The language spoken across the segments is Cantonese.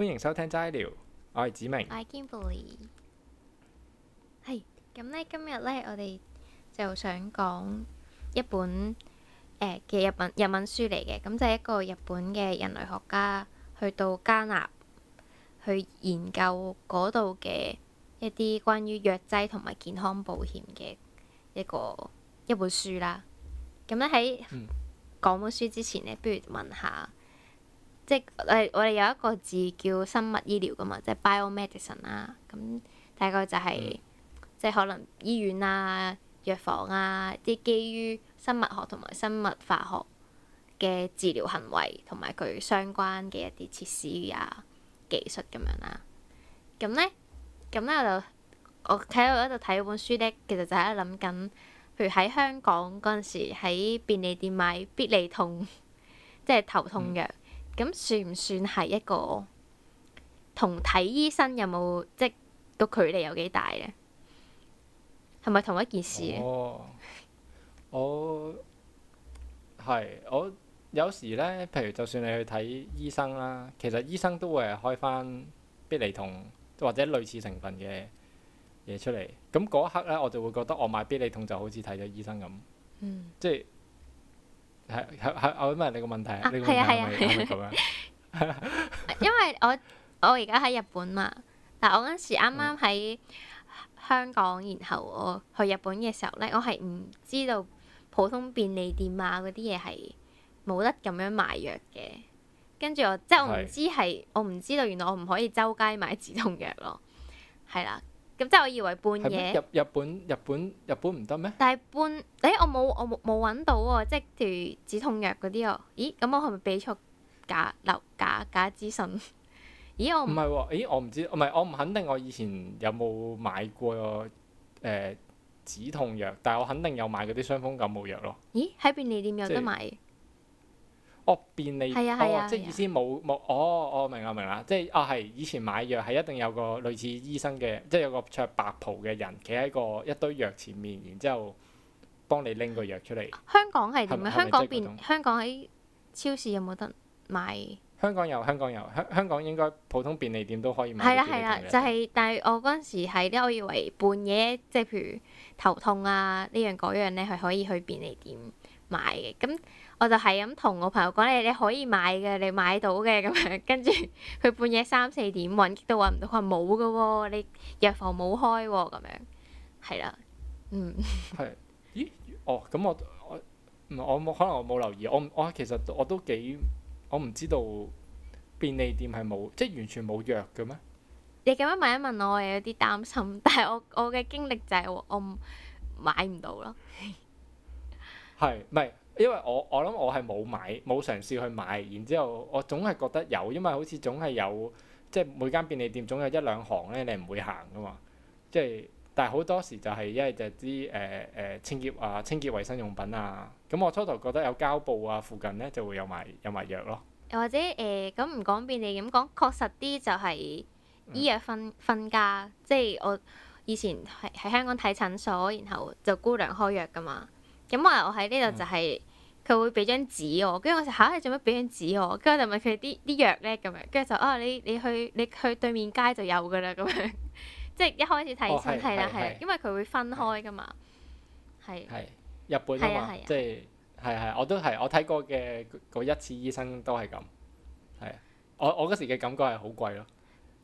歡迎收聽齋聊，我係子明，我係 Kimberly。係咁咧，今日咧，我哋就想講一本誒嘅，呃、日文日文書嚟嘅，咁就係一個日本嘅人類學家去到加納去研究嗰度嘅一啲關於藥劑同埋健康保險嘅一個一本書啦。咁咧喺講本書之前咧，不如問下。即係我哋，我哋有一個字叫生物醫療噶嘛，即係 biomedicine 啦。咁大概就係，嗯，即係可能醫院啊、藥房啊啲基於生物學同埋生物化學嘅治療行為，同埋佢相關嘅一啲設施啊、技術咁樣啦、啊。咁咧，咁咧我就我喺度喺度睇本書咧，其實就喺度諗緊，譬如喺香港嗰陣時喺便利店買必利痛，即 係頭痛藥，嗯。咁算唔算係一個同睇醫生有冇即個距離有幾大呢？係咪同一件事啊、哦？我係我有時呢，譬如就算你去睇醫生啦，其實醫生都會開返必理痛或者類似成分嘅嘢出嚟。咁嗰一刻呢，我就會覺得我買必理痛就好似睇咗醫生咁，嗯、即係。係係係，我問你個問題啊！係啊係啊係啊。 因為我我而家喺日本嘛，嗱，但我嗰陣時啱啱喺香港，然後我去日本嘅時候咧，我係唔知道普通便利店啊嗰啲嘢係冇得咁樣買藥嘅，跟住我即係我唔知係是我唔知道原來我唔可以周街買止痛藥咯，係啦。咁即係我以為半夜日本日本日本唔得咩？但係半誒、欸、我冇我冇冇揾到喎、啊，即係條止痛藥嗰啲喎。咦？咁我係咪俾錯假流假假，假資訊？咦我唔係喎，咦我唔知，唔係我唔肯定我以前有冇買過誒、呃、止痛藥，但係我肯定有買嗰啲傷風感冒藥咯。咦？喺便利店有得買？就係哦、便利、啊哦，即係意思冇冇哦哦，明啦明啦，即係啊係，以前買藥係一定有個類似醫生嘅，即係有個着白袍嘅人，企喺個一堆藥前面，然之後幫你拎個藥出嚟。香港係點啊？香港邊？香港喺超市有冇得買？香港有，香港有，香香港應該普通便利店都可以買、啊。係啦係啦，就係、是、但係我嗰陣時係咧，我以為半夜即係譬如頭痛啊呢樣嗰樣咧係可以去便利店買嘅咁。我就係咁同我朋友講你，你可以買嘅，你買到嘅咁樣。跟住佢半夜三四點揾，都揾唔到。佢話冇㗎喎，你藥房冇開喎咁樣。係啦，嗯。係。咦？哦，咁我我唔係我冇，可能我冇留意。我我其實我都幾，我唔知道便利店係冇，即係完全冇藥嘅咩？你咁樣問一問我，我有啲擔心。但係我我嘅經歷就係我買唔到咯。係，唔係？因為我我諗我係冇買冇嘗試去買，然之後我總係覺得有，因為好似總係有，即係每間便利店總有一兩行咧，你唔會行噶嘛。即係但係好多時就係、是，因為就啲誒誒清潔啊、清潔衞生用品啊，咁我初頭覺得有膠布啊，附近咧就會有埋有埋藥咯。又或者誒，咁唔講便利店，咁講確實啲就係醫藥分分，分家，嗯、即係我以前喺喺香港睇診所，然後就姑娘開藥噶嘛。咁我喺呢度就係、嗯。佢會俾張紙我，跟住我就嚇、啊，你做乜俾張紙我？跟住我就問佢啲啲藥咧咁樣，跟住就啊，你你去你去對面街就有噶啦咁樣，即係一開始睇醫生係啊係，因為佢會分開噶嘛，係係日本啊嘛，即係係係我都係我睇過嘅嗰一次醫生都係咁，係啊，我我嗰時嘅感覺係好貴咯，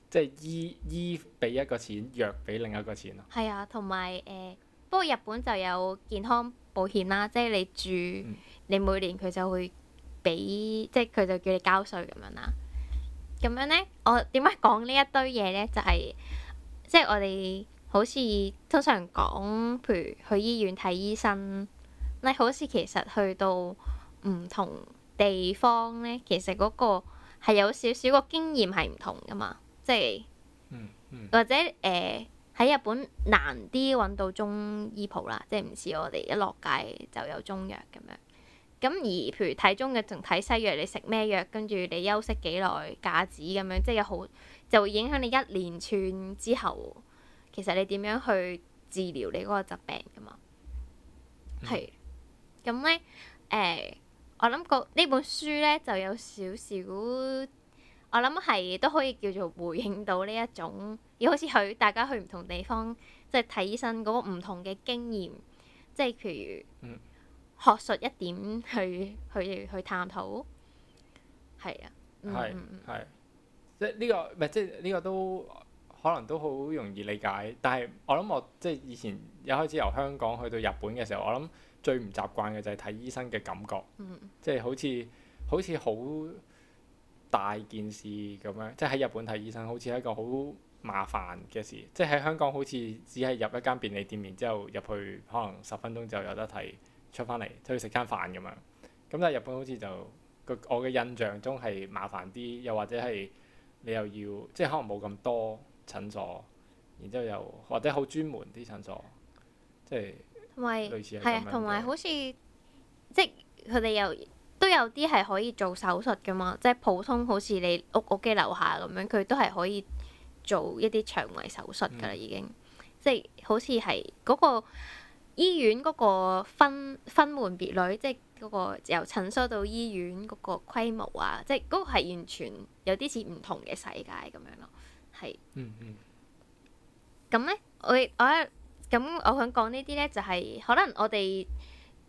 即係醫醫俾一個錢，藥俾另一個錢咯。係啊，同埋誒，不過日本就有健康保險啦，即係你住。嗯你每年佢就會俾即係佢就叫你交稅咁樣啦。咁樣咧，我點解講呢一堆嘢咧？就係、是、即係我哋好似通常講，譬如去醫院睇醫生，咧好似其實去到唔同地方咧，其實嗰個係有少少個經驗係唔同噶嘛，即係、嗯嗯、或者誒喺、呃、日本難啲揾到中醫鋪啦，即係唔似我哋一落街就有中藥咁樣。咁而譬如睇中藥同睇西藥，你食咩藥，跟住你休息幾耐、假紙咁樣，即係有好就會影響你一連串之後，其實你點樣去治療你嗰個疾病㗎嘛？係、嗯。咁咧，誒、呃，我諗個呢本書咧就有少少，我諗係都可以叫做回應到呢一種，要好似去大家去唔同地方即係睇醫生嗰個唔同嘅經驗，即係譬如。嗯學術一點去去去探討，係啊，係、嗯、係，即係、呢個、呢個唔係即係呢個都可能都好容易理解。但係我諗我即係以前一開始由香港去到日本嘅時候，我諗最唔習慣嘅就係睇醫生嘅感覺，嗯、即係好似好似好大件事咁樣，即係喺日本睇醫生好似係一個好麻煩嘅事，即係喺香港好似只係入一間便利店，然之後入去可能十分鐘就有得睇。出翻嚟出去食餐飯咁樣，咁但係日本好似就個我嘅印象中係麻煩啲，又或者係你又要即係可能冇咁多診所，然之後又或者好專門啲診所，即係同埋類似係，係啊，同埋好似即係佢哋又都有啲係可以做手術噶嘛，即係普通好似你屋屋企樓下咁樣，佢都係可以做一啲腸胃手術噶啦，嗯、已經即係好似係嗰個。醫院嗰個分分門別類，即係嗰個由診所到醫院嗰個規模啊，即係嗰個係完全有啲似唔同嘅世界咁樣咯，係。嗯嗯。咁咧，我我咁我想講呢啲咧，就係、是、可能我哋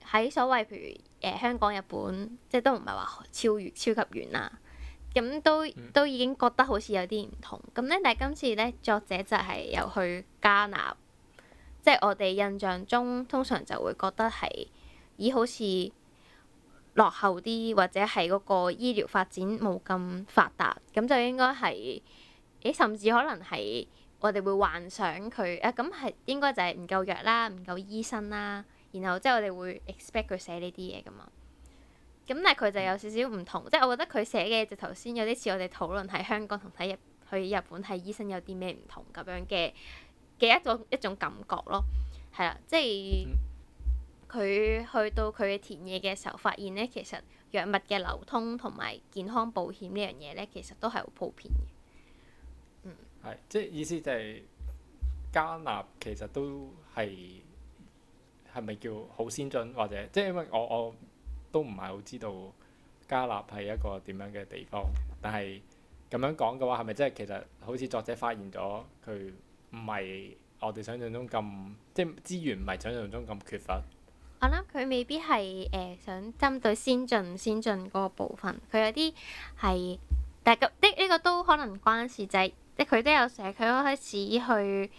喺所謂譬如誒、呃、香港、日本，即係都唔係話超遠超級遠啦、啊，咁都、嗯、都已經覺得好似有啲唔同。咁咧，但係今次咧，作者就係又去加納即係我哋印象中，通常就會覺得係咦，好似落後啲，或者係嗰個醫療發展冇咁發達，咁就應該係咦，甚至可能係我哋會幻想佢啊，咁係應該就係唔夠藥啦，唔夠醫生啦，然後即係我哋會 expect 佢寫呢啲嘢㗎嘛。咁但係佢就有少少唔同，嗯、即係我覺得佢寫嘅就頭先有啲似我哋討論喺香港同睇日去日本睇醫生有啲咩唔同咁樣嘅。嘅一個一種感覺咯，係啦，即係佢、嗯、去到佢嘅田野嘅時候，發現呢，其實藥物嘅流通同埋健康保險呢樣嘢呢，其實都係好普遍嘅。嗯，即係意思就係、係、加納其實都係係咪叫好先進，或者即係因為我我都唔係好知道加納係一個點樣嘅地方，但係咁樣講嘅話，係咪即係其實好似作者發現咗佢？唔係我哋想象中咁，即係資源唔係想象中咁缺乏。我諗佢未必係誒、呃、想針對先進先進嗰部分，佢有啲係，但係咁呢呢個都可能關事仔、就是，即係佢都有時佢開始去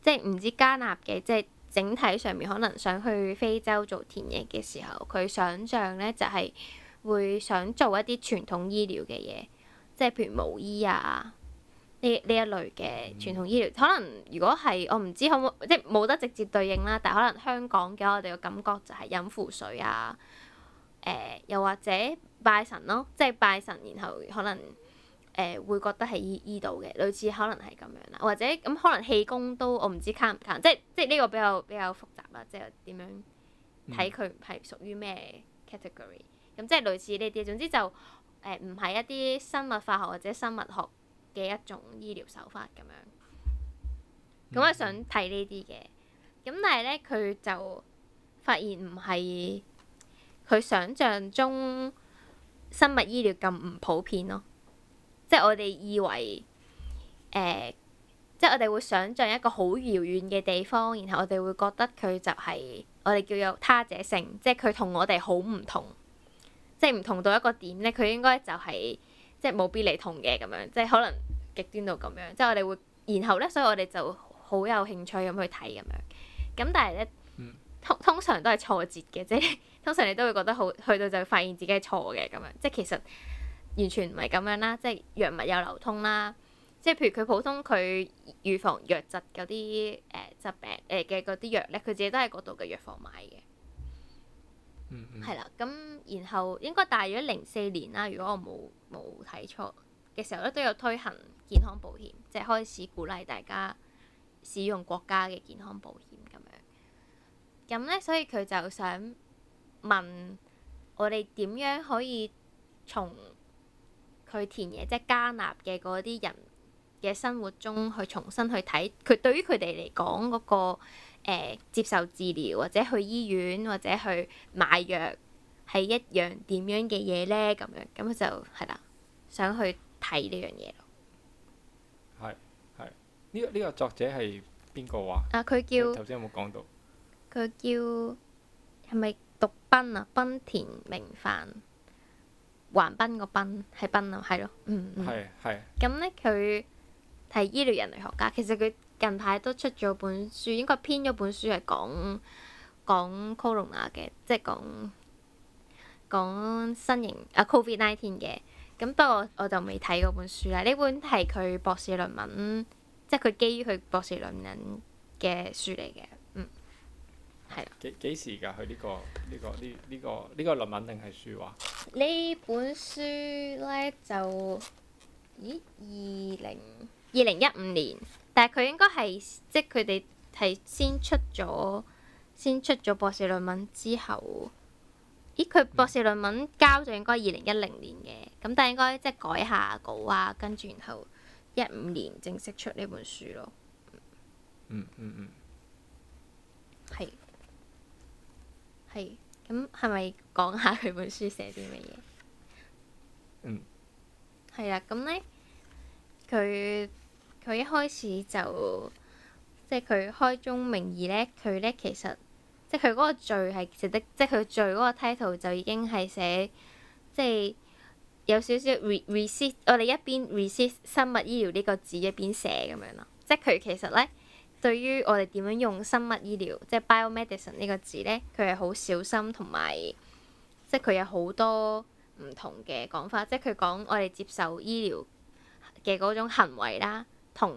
即係唔知加納嘅，即、就、係、是、整體上面可能想去非洲做田野嘅時候，佢想象咧就係、是、會想做一啲傳統醫療嘅嘢，即係譬如巫醫啊。呢一類嘅傳統醫療，嗯、可能如果係我唔知可唔可即係冇得直接對應啦，但係可能香港嘅我哋嘅感覺就係飲符水啊，誒、呃、又或者拜神咯，即係拜神，然後可能誒、呃、會覺得係醫醫到嘅，類似可能係咁樣啦，或者咁、嗯、可能氣功都我唔知卡唔卡，即係即係呢個比較比較複雜啦，即係點樣睇佢係屬於咩 category？咁即係類似呢啲，總之就誒唔係一啲生物化學或者生物學，嘅一種醫療手法咁樣，咁我想睇呢啲嘅，咁但係咧佢就發現唔係佢想象中生物醫療咁唔普遍咯，即係我哋以為，誒、呃，即係我哋會想象一個好遙遠嘅地方，然後我哋會覺得佢就係、是、我哋叫做「他者性」，即係佢同我哋好唔同，即係唔同到一個點咧，佢應該就係、是、即係冇必嚟同嘅咁樣，即係可能。極端到咁樣，即係我哋會，然後咧，所以我哋就好有興趣咁去睇咁樣。咁但係咧，嗯、通通常都係挫折嘅，即係通常你都會覺得好去到就發現自己係錯嘅咁樣。即係其實完全唔係咁樣啦，即係藥物有流通啦。即係譬如佢普通佢預防藥質嗰啲誒疾病誒嘅嗰啲藥咧，佢、呃、自己都喺嗰度嘅藥房買嘅。嗯，嗯。係啦，咁然後應該大約零四年啦，如果我冇冇睇錯嘅時候咧，都有推行。健康保險，即係開始鼓勵大家使用國家嘅健康保險咁樣，咁咧所以佢就想問我哋點樣可以從佢田野即係、就是、加納嘅嗰啲人嘅生活中去重新去睇佢對於佢哋嚟講嗰個、呃、接受治療或者去醫院或者去買藥係一樣點樣嘅嘢咧？咁樣，咁就係啦，想去睇呢樣嘢。呢個呢個作者係邊個啊？啊，佢叫頭先有冇講到？佢叫係咪讀斌啊？濱田明範，橫濱個濱係濱啊，係咯，嗯。係係。咁咧，佢係、嗯、醫療人類學家。其實佢近排都出咗本書，應該編咗本書係講講 Corona 嘅，即係講講新型啊，COVID nineteen 嘅。咁不過我就未睇嗰本書啦。呢本係佢博士論文。即係佢基於佢博士論文嘅書嚟嘅，嗯，係。幾幾時㗎？佢呢個呢個呢呢個呢個論文定係書話？呢本書咧就，咦？二零二零一五年，但係佢應該係即係佢哋係先出咗先出咗博士論文之後，咦？佢博士論文交就應該二零一零年嘅，咁但係應該即係改下稿啊，跟住然後。一五年正式出呢本書咯。嗯嗯嗯。係、嗯。係、嗯，咁係咪講下佢本書寫啲咩嘢？嗯。係啦，咁咧。佢，佢一開始就，即係佢開宗明義咧，佢咧其實，即係佢嗰個序係寫得，即係佢序嗰個 title 就已經係寫，即係。有少少 r e r e c e i 我哋一邊 r e c e i 生物醫療呢個字一邊寫咁樣咯。即係佢其實咧，對於我哋點樣用生物醫療，即係 biomedicine 呢個字咧，佢係好小心同埋，即係佢有好多唔同嘅講法。即係佢講我哋接受醫療嘅嗰種行為啦，同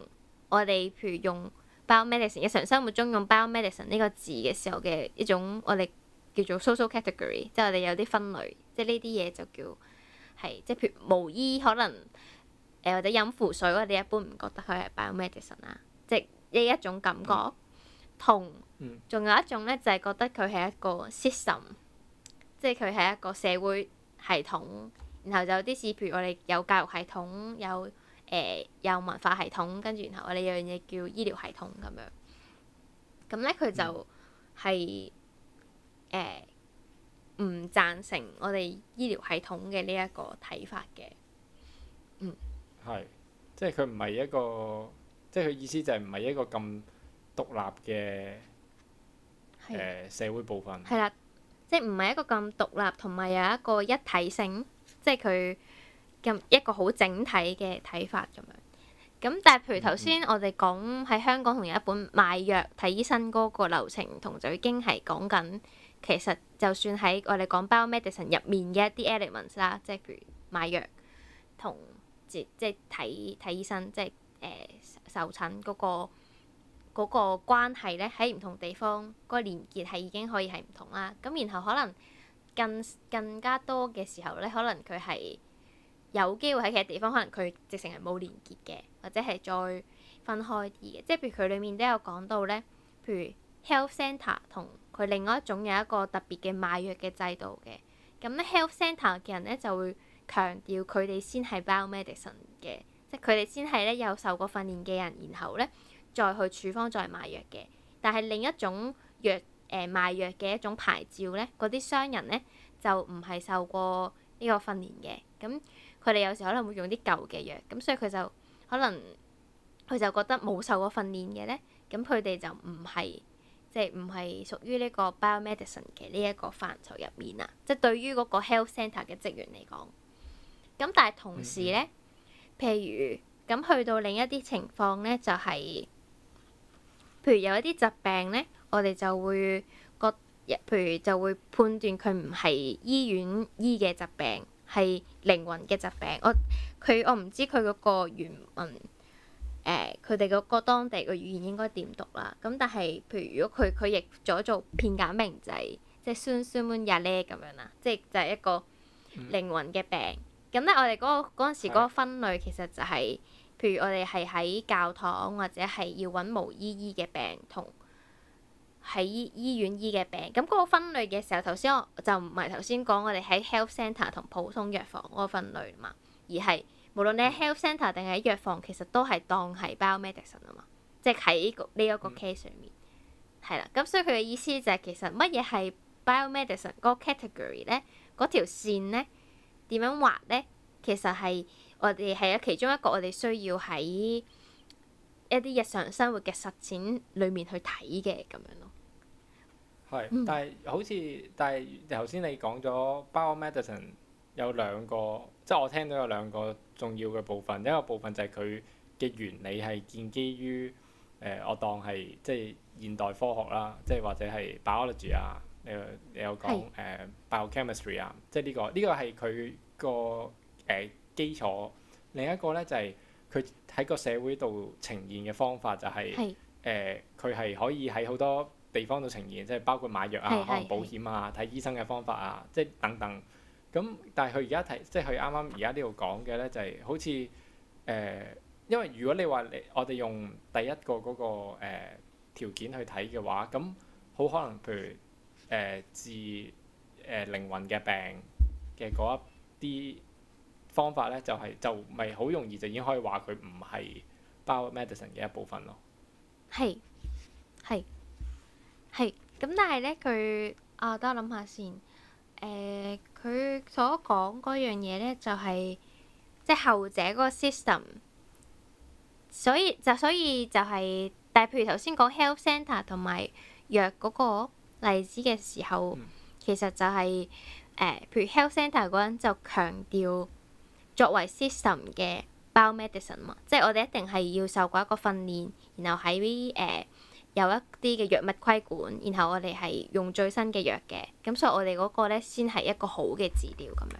我哋譬如用 biomedicine 日常生活中用 biomedicine 呢個字嘅時候嘅一種我哋叫做 social category，即係我哋有啲分類，即係呢啲嘢就叫。係即係譬如毛衣可能誒、呃、或者飲符水我哋一般唔覺得佢係 biomedicine 啊，即係呢一種感覺同。仲有一種咧就係、是、覺得佢係一個 system，即係佢係一個社會系統。然後就有啲事。譬如我哋有教育系統，有誒、呃、有文化系統，跟住然後我哋有樣嘢叫醫療系統咁樣。咁咧佢就係、是、誒。嗯呃唔贊成我哋醫療系統嘅呢一個睇法嘅，嗯，係，即係佢唔係一個，即係佢意思就係唔係一個咁獨立嘅誒是的、呃、社會部分，係啦，即係唔係一個咁獨立，同埋有一個一體性，即係佢咁一個好整體嘅睇法咁樣。咁但係譬如頭先我哋講喺香港同有一本買藥睇醫生嗰個流程，同徐經係講緊。其實就算喺我哋講 bio medicine 入面嘅一啲 elements 啦，即係譬如買藥同即係睇睇醫生，即係誒、呃、受，受診嗰個嗰個關係咧，喺唔同地方嗰個連結係已經可以係唔同啦。咁然後可能更更加多嘅時候咧，可能佢係有機會喺其他地方，可能佢直情係冇連結嘅，或者係再分開啲嘅。即係譬如佢裡面都有講到咧，譬如 health center 同。佢另外一種有一個特別嘅賣藥嘅制度嘅，咁咧 health center 嘅人咧就會強調佢哋先係 bio medicine 嘅，即係佢哋先係咧有受過訓練嘅人，然後咧再去處方再賣藥嘅。但係另一種藥誒、呃、賣藥嘅一種牌照咧，嗰啲商人咧就唔係受過呢個訓練嘅，咁佢哋有時可能會用啲舊嘅藥，咁所以佢就可能佢就覺得冇受過訓練嘅咧，咁佢哋就唔係。即係唔係屬於呢個 biomedicine 嘅呢一個範疇入面啊！即係對於嗰個 health center 嘅職員嚟講，咁但係同時咧，譬如咁去到另一啲情況咧，就係、是、譬如有一啲疾病咧，我哋就會覺，譬如就會判斷佢唔係醫院醫嘅疾病，係靈魂嘅疾病。我佢我唔知佢嗰個原誒佢哋個個當地個語言應該點讀啦，咁但係譬如如果佢佢譯咗做片假名仔，即係 sumsumun yale 咁樣啦，即係就係一個靈魂嘅病。咁咧、嗯，我哋嗰、嗰個嗰時嗰個分類其實就係、是，的譬如我哋係喺教堂或者係要揾巫醫醫嘅病同喺醫院醫嘅病。咁嗰個分類嘅時候，頭先我就唔係頭先講我哋喺 health center 同普通藥房嗰個分類嘛，而係。無論你喺 health centre 定係喺藥房，其實都係當係 bio medicine 啊嘛，即係喺呢個呢一個 case 上面係啦。咁所以佢嘅意思就係其實乜嘢係 bio medicine 嗰個 category 咧，嗰條線咧點樣畫咧？其實係我哋係有其中一個我哋需要喺一啲日常生活嘅實踐裡面去睇嘅咁樣咯。係是、嗯，但係好似但係頭先你講咗 bio medicine 有兩個，即係我聽到有兩個。重要嘅部分，一個部分就係佢嘅原理係建基於誒、呃，我當係即係現代科學啦，即係或者係 biology 啊，誒你，你有講誒是、呃、biochemistry 啊，即係、這、呢個呢個係佢個誒基礎。另一個咧就係佢喺個社會度呈現嘅方法就係、是、誒，佢係是、呃、可以喺好多地方度呈現，即係包括買藥啊、可能保險啊、睇醫生嘅方法啊，即係等等。咁、嗯，但係佢而家睇，即係佢啱啱而家呢度講嘅呢，就係、是、好似誒、呃，因為如果你話你我哋用第一個嗰、那個誒、呃、條件去睇嘅話，咁好可能，譬如誒、呃、治誒、呃、靈魂嘅病嘅嗰一啲方法呢，就係、是、就唔係好容易就已經可以話佢唔係 bio medicine 嘅一部分咯。係係係。咁但係呢，佢啊，等、哦、我諗下先誒。呃佢所講嗰樣嘢咧，就係、是、即係後者嗰個 system，所以就所以就係、是，但係譬如頭先講 health center 同埋藥嗰、那個例子嘅時候，嗯、其實就係、是、誒、呃，譬如 health centre 嗰陣就強調作為 system 嘅 bio medicine 嘛，即係我哋一定係要受過一個訓練，然後喺誒。呃有一啲嘅藥物規管，然後我哋係用最新嘅藥嘅，咁所以我哋嗰個咧先係一個好嘅治療咁樣。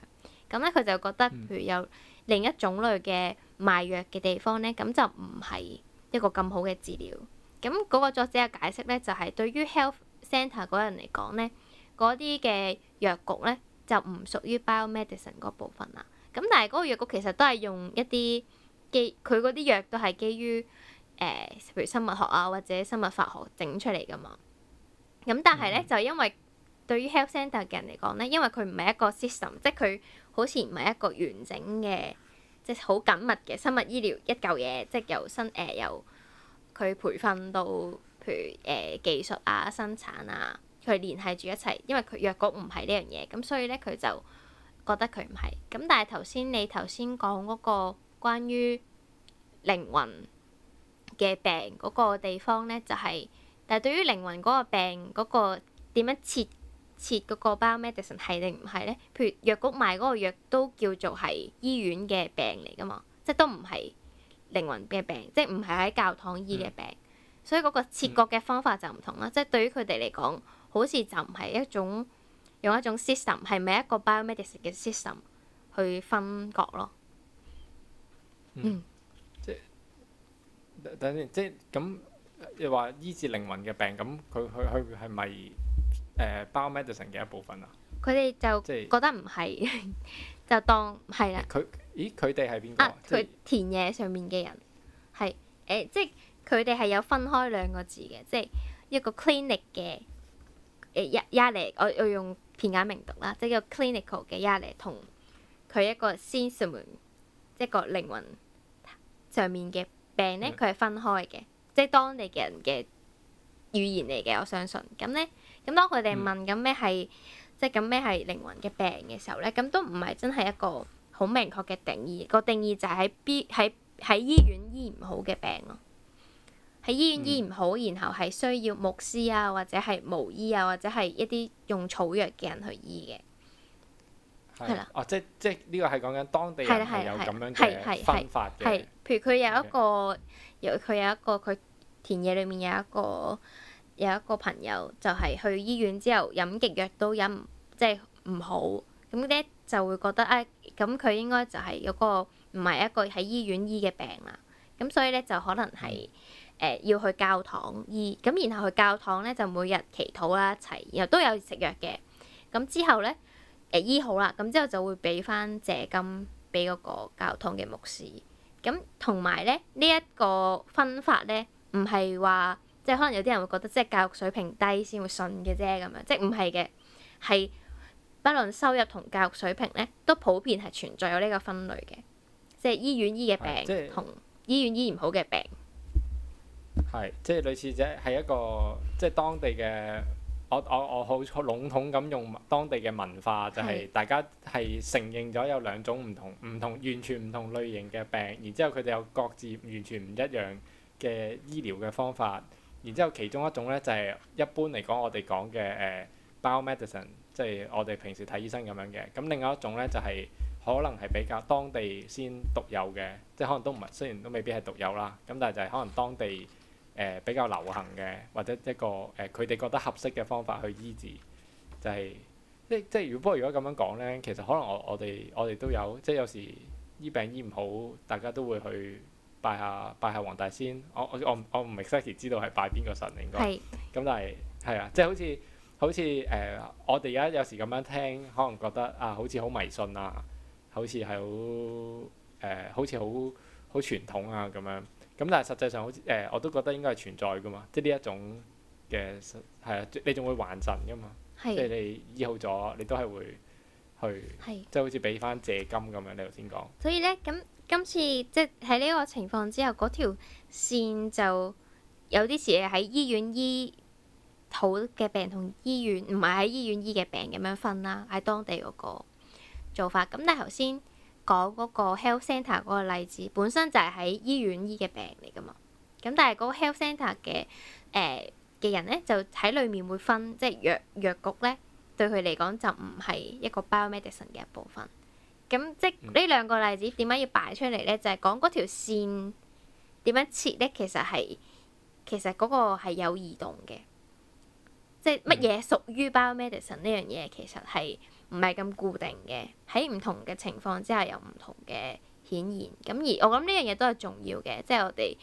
咁咧佢就覺得，嗯、譬如有另一種類嘅賣藥嘅地方咧，咁就唔係一個咁好嘅治療。咁嗰個作者嘅解釋咧，就係、是、對於 health center 嗰人嚟講咧，嗰啲嘅藥局咧就唔屬於 biomedicine 嗰部分啦。咁但係嗰個藥局其實都係用一啲基，佢嗰啲藥都係基於。誒，譬如生物學啊，或者生物化學整出嚟噶嘛。咁但係咧，嗯、就因為對於 health center 嘅人嚟講咧，因為佢唔係一個 system，即係佢好似唔係一個完整嘅，即係好緊密嘅生物醫療一嚿嘢，即係由生誒、呃、由佢培訓到，譬如誒、呃、技術啊、生產啊，佢連係住一齊。因為佢藥局唔係呢樣嘢，咁所以咧佢就覺得佢唔係。咁但係頭先你頭先講嗰個關於靈魂嘅病嗰個地方咧，就係、是、但係對於靈魂嗰個病嗰，那個點樣切切嗰個 biomedicine 係定唔係咧？譬如藥局賣嗰個藥都叫做係醫院嘅病嚟噶嘛，即係都唔係靈魂嘅病，即係唔係喺教堂醫嘅病，嗯、所以嗰個切割嘅方法就唔同啦。嗯、即係對於佢哋嚟講，好似就唔係一種用一種 system，係咪一個 biomedicine 嘅 system 去分割咯。嗯。嗯等先，即係咁，又話醫治靈魂嘅病，咁佢佢佢係咪誒包、bio、medicine 嘅一部分啊？佢哋就即覺得唔係，是 就當係是啦。佢咦？佢哋係邊個？佢田野上面嘅人係誒、欸，即係佢哋係有分開兩個字嘅，即係一個 clinic 嘅誒醫、欸、醫療，我我用片假名讀啦，即係叫 clinical 嘅醫療同佢一個 soul，即係個靈魂上面嘅。病咧，佢係分開嘅，即係當地嘅人嘅語言嚟嘅。我相信咁咧，咁當佢哋問緊咩係，嗯、即係咁咩係靈魂嘅病嘅時候咧，咁都唔係真係一個好明確嘅定義。那個定義就係喺 B 喺喺醫院醫唔好嘅病咯，啊，喺醫院醫唔好，然後係需要牧師啊或者係巫醫啊或者係一啲用草藥嘅人去醫嘅。係啦，哦，即即呢個係講緊當地人有咁樣嘅分法嘅。係係係。係，譬如佢有一個，有佢 Okay. 有一個，佢田野裡面有一個，有一個朋友就係去醫院之後飲極藥都飲，即係唔好。咁咧就會覺得啊，咁、哎、佢應該就係有個唔係一個喺醫院醫嘅病啦。咁所以咧就可能係誒、嗯呃、要去教堂醫，咁然後去教堂咧就每日祈禱啦，一齊，然後都有食藥嘅。咁之後咧。誒醫好啦，咁之後就會俾翻謝金俾嗰個教堂嘅牧師。咁同埋咧，呢一個分法咧，唔係話即係可能有啲人會覺得即係教育水平低先會信嘅啫，咁樣即係唔係嘅，係不論收入同教育水平咧，都普遍係存在有呢個分類嘅，即係醫院醫嘅病同醫院醫唔好嘅病。係，即係類似者，係一個即係當地嘅。我我我好好籠統咁用當地嘅文化，就係、是、大家係承認咗有兩種唔同唔同完全唔同類型嘅病，然之後佢哋有各自完全唔一樣嘅醫療嘅方法。然之後其中一種呢，就係、是、一般嚟講我哋講嘅誒，uh, bio-medicine，即係我哋平時睇醫生咁樣嘅。咁另外一種呢，就係、是、可能係比較當地先獨有嘅，即係可能都唔係雖然都未必係獨有啦，咁但係就係可能當地。誒、呃、比較流行嘅，或者一個誒佢哋覺得合適嘅方法去醫治，就係、是、即即如果不過如果咁樣講咧，其實可能我我哋我哋都有，即有時醫病醫唔好，大家都會去拜下拜下黃大仙。我我我唔 exactly 知道係拜邊個神應該。咁是但係係啊，即好似好似誒、呃，我哋而家有時咁樣聽，可能覺得啊，好似好迷信啊，好似係好誒，好似好好傳統啊咁樣。咁但係實際上好，好似誒，我都覺得應該係存在噶嘛，即係呢一種嘅係啊，你仲會還神噶嘛，是的 即係你醫好咗，你都係會去，即係是的 好似俾翻借金咁樣。你頭先講。所以咧，咁今次即係喺呢個情況之後，嗰條線就有啲時喺醫院醫好嘅病同醫院唔係喺醫院醫嘅病咁樣分啦，喺當地嗰個做法。咁但係頭先講嗰個 health centre 嗰個例子，本身就係喺醫院醫嘅病嚟噶嘛。咁但係嗰個 health centre 嘅誒嘅、呃、人咧，就喺裡面會分，即係藥藥局咧，對佢嚟講就唔係一個 biomedicine 嘅一部分。咁即呢兩個例子點解要擺出嚟咧？就係、是、講嗰條線點樣切咧，其實係其實嗰個係有移動嘅，即係乜嘢屬於 biomedicine 呢樣嘢，其實係。唔係咁固定嘅，喺唔同嘅情況之下有唔同嘅顯現，咁而我諗呢樣嘢都係重要嘅，即係我哋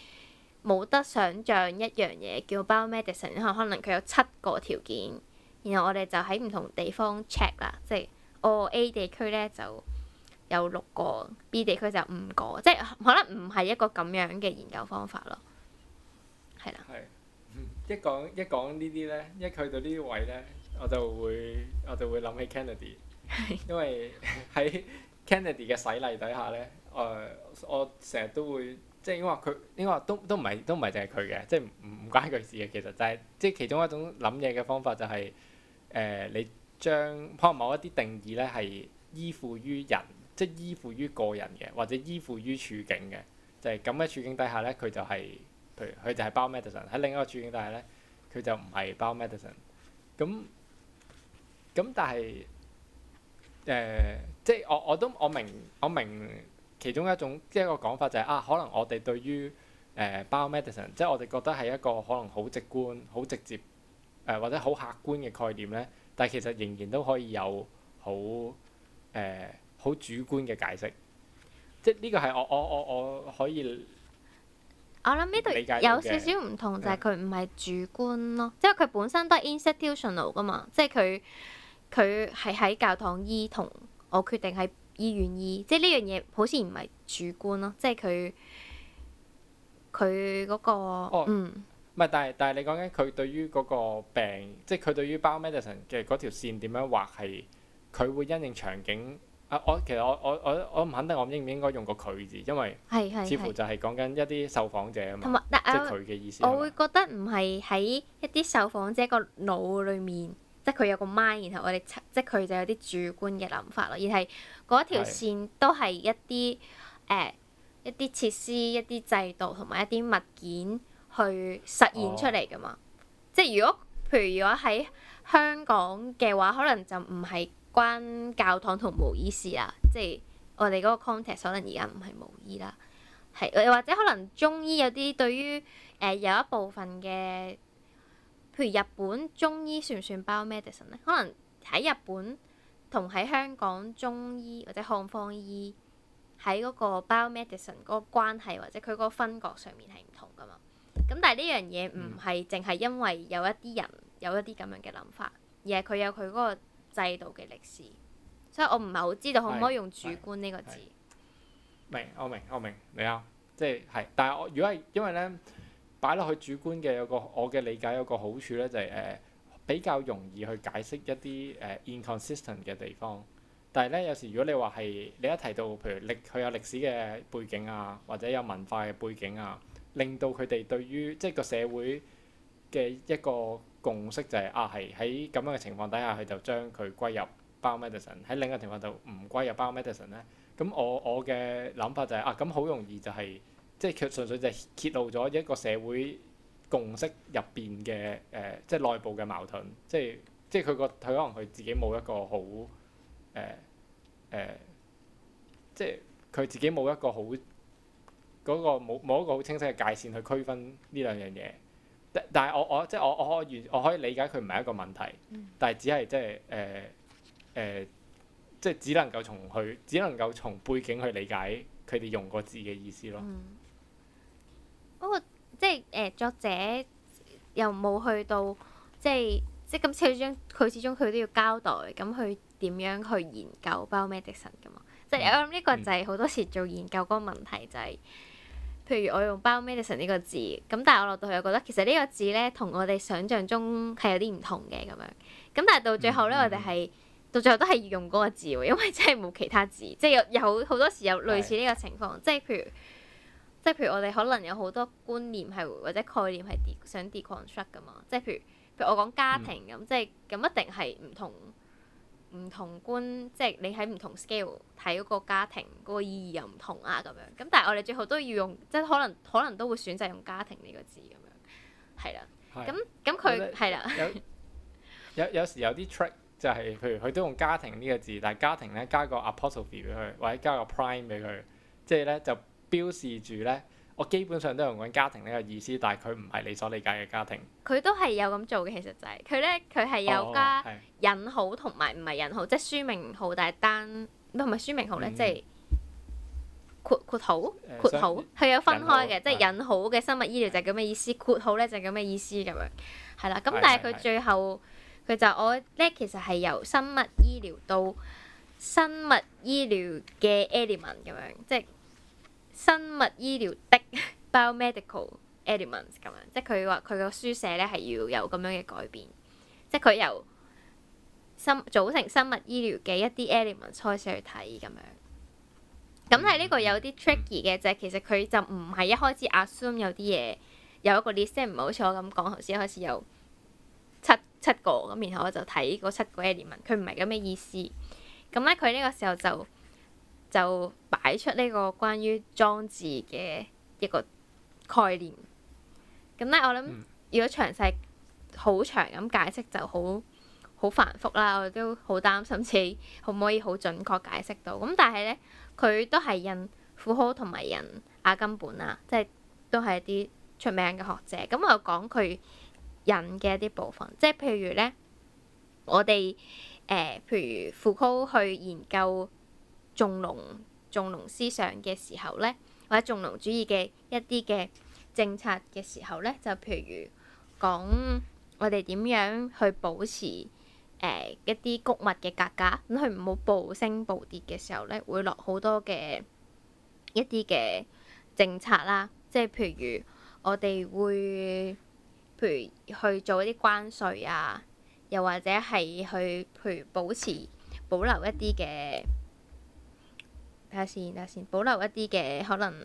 冇得想象一樣嘢叫 biomedicine，可能佢有七個條件，然後我哋就喺唔同地方 check 啦，即係哦 A 地區呢就有六個，B 地區就五個，即係可能唔係一個咁樣嘅研究方法咯，係啦。係。一講一講呢啲呢，一去到呢啲位呢。我就會我就會諗起 Kennedy，因為喺 Kennedy 嘅洗禮底下呢，誒我成日都會即係因為佢因為都都唔係都唔係淨係佢嘅，即係唔唔關佢事嘅其實就係、是就是、即係其中一種諗嘢嘅方法就係、是、誒、呃、你將可能某一啲定義呢係依附於人，即係依附於個人嘅，或者依附於處境嘅，就係咁嘅處境底下呢，佢就係、是、譬如佢就係 biomedicine，喺另一個處境底下呢，佢就唔係 biomedicine 咁。咁、嗯、但係誒、呃，即係我我都我明我明其中一種即係一個講法就係、是、啊，可能我哋對於誒、呃、bio medicine，即係我哋覺得係一個可能好直觀、好直接誒、呃，或者好客觀嘅概念咧。但係其實仍然都可以有好誒好主觀嘅解釋。即係呢個係我我我我可以我諗呢度有少少唔同，嗯、就係佢唔係主觀咯，即係佢本身都係 institutional 噶嘛，即係佢。佢係喺教堂醫同我決定喺醫院醫，即係呢樣嘢好似唔係主觀咯，即係佢佢嗰個、哦、嗯，唔係，但係但係你講緊佢對於嗰個病，即係佢對於 bio medicine 嘅嗰條線點樣畫，係佢會因應場景啊！我其實我我我我唔肯定我應唔應該用個佢字，因為是是是似乎就係講緊一啲受訪者啊嘛，啊即係佢嘅意思我。我會覺得唔係喺一啲受訪者個腦裡面。即佢有個 mind 然後我哋即佢就有啲主觀嘅諗法咯，而係嗰條線都係一啲誒是、呃、一啲設施、一啲制度同埋一啲物件去實現出嚟㗎嘛。哦、即係如果譬如如果喺香港嘅話，可能就唔係關教堂同巫醫事啦。即係我哋嗰個 context 可能而家唔係巫醫啦，係或者可能中醫有啲對於誒、呃、有一部分嘅。譬如日本中醫算唔算 biomedicine 咧？可能喺日本同喺香港中醫或者漢方醫喺嗰個 biomedicine 嗰個關係或者佢嗰個分割上面係唔同噶嘛。咁但係呢樣嘢唔係淨係因為有一啲人有一啲咁樣嘅諗法，嗯、而係佢有佢嗰個制度嘅歷史。所以我唔係好知道是可唔可以用主觀呢個字。明，我明我明你啊，即係係，但係我如果係因為咧。擺落去主觀嘅有個我嘅理解有個好處咧，就係、是、誒、呃、比較容易去解釋一啲誒、呃、inconsistent 嘅地方。但係咧，有時如果你話係你一提到譬如歷佢有歷史嘅背景啊，或者有文化嘅背景啊，令到佢哋對於即係個社會嘅一個共識就係、是、啊係喺咁樣嘅情況底下，佢就將佢歸入 bio medicine。喺另一個情況就唔歸入 bio medicine 咧。咁我我嘅諗法就係、是、啊，咁好容易就係、是。即係佢純粹就揭露咗一個社會共識入邊嘅誒，即係內部嘅矛盾。即係即係佢個佢可能佢自己冇一個好誒誒，即係佢自己冇一個好嗰、嗰個冇冇一個好清晰嘅界線去區分呢兩樣嘢。但但係我我即係我我我完我可以理解佢唔係一個問題，嗯、但係只係即係誒誒，即係、呃呃、只能夠從佢只能夠從背景去理解佢哋用個字嘅意思咯。嗯不、那個、即係誒、呃、作者又冇去到，即係即係咁。始終佢始終佢都要交代咁，去點樣去研究 bio medicine 嘅嘛？Ine, mm hmm. 即係我諗呢個就係好多時做研究嗰個問題，就係、是、譬如我用 bio medicine 呢個字，咁但係我落到去又覺得其實呢個字咧同我哋想像中係有啲唔同嘅咁樣。咁但係到最後咧，mm hmm. 我哋係到最後都係要用嗰個字喎，因為真係冇其他字，即係有有好多時有類似呢個情況，是即係譬如。即係譬如我哋可能有好多觀念係會或者概念係想 deconstruct 㗎嘛，即係譬如譬如我講家庭咁，嗯、即係咁一定係唔同唔、嗯、同觀，即係你喺唔同 scale 睇嗰個家庭嗰、嗰個意義又唔同啊，咁樣。咁但係我哋最後都要用，即係可能可能都會選擇用家庭呢個字咁樣，係啦。咁咁佢係啦。有有時有啲 trick 就係譬如佢都用家庭呢個字，但係家庭咧加個 apostrophe 俾佢，或者加個 prime 俾佢，即係咧就。就就就就標示住咧，我基本上都用緊家庭呢個意思，但係佢唔係你所理解嘅家庭。佢都係有咁做嘅，其實就係佢咧，佢係有加引號同埋唔係引號，哦、即係書名號，但係單唔係書名號咧，即係括括號。括號佢、呃、有分開嘅，好即係引號嘅生物醫療就係咁嘅意思，對 括號咧就係咁嘅意思咁樣，係啦對。咁但係佢最後佢對就我咧，其實係由生物醫療到生物醫療嘅 element 咁樣，即係。生物醫療的 biomedical elements 咁樣，即係佢話佢個書寫咧係要有咁樣嘅改變，即係佢由生組成生物醫療嘅一啲 elements 開始去睇咁樣。咁係呢個有啲 tricky 嘅，就係、是、其實佢就唔係一開始 assume 有啲嘢有一個 list，即係唔係好似我咁講頭先一開始有七七個咁，然後我就睇嗰七個 element 佢唔係咁嘅意思。咁咧佢呢個時候就。就擺出呢個關於裝置嘅一個概念，咁咧我諗如果詳細好、嗯、長咁解釋就好好繁複啦，我都好擔心自己可唔可以好準確解釋到。咁但係咧，佢都係引傅柯同埋引阿根本啊，即係都係一啲出名嘅學者。咁我講佢引嘅一啲部分，即係譬如咧，我哋誒、呃、譬如傅柯去研究。重農重農思想嘅時候咧，或者重農主義嘅一啲嘅政策嘅時候咧，就譬如講我哋點樣去保持誒、呃、一啲谷物嘅價格咁，佢唔好暴升暴跌嘅時候咧，會落好多嘅一啲嘅政策啦。即、就、係、是、譬如我哋會譬如去做一啲關稅啊，又或者係去譬如保持保留一啲嘅。睇下先，睇下先，保留一啲嘅可能，誒、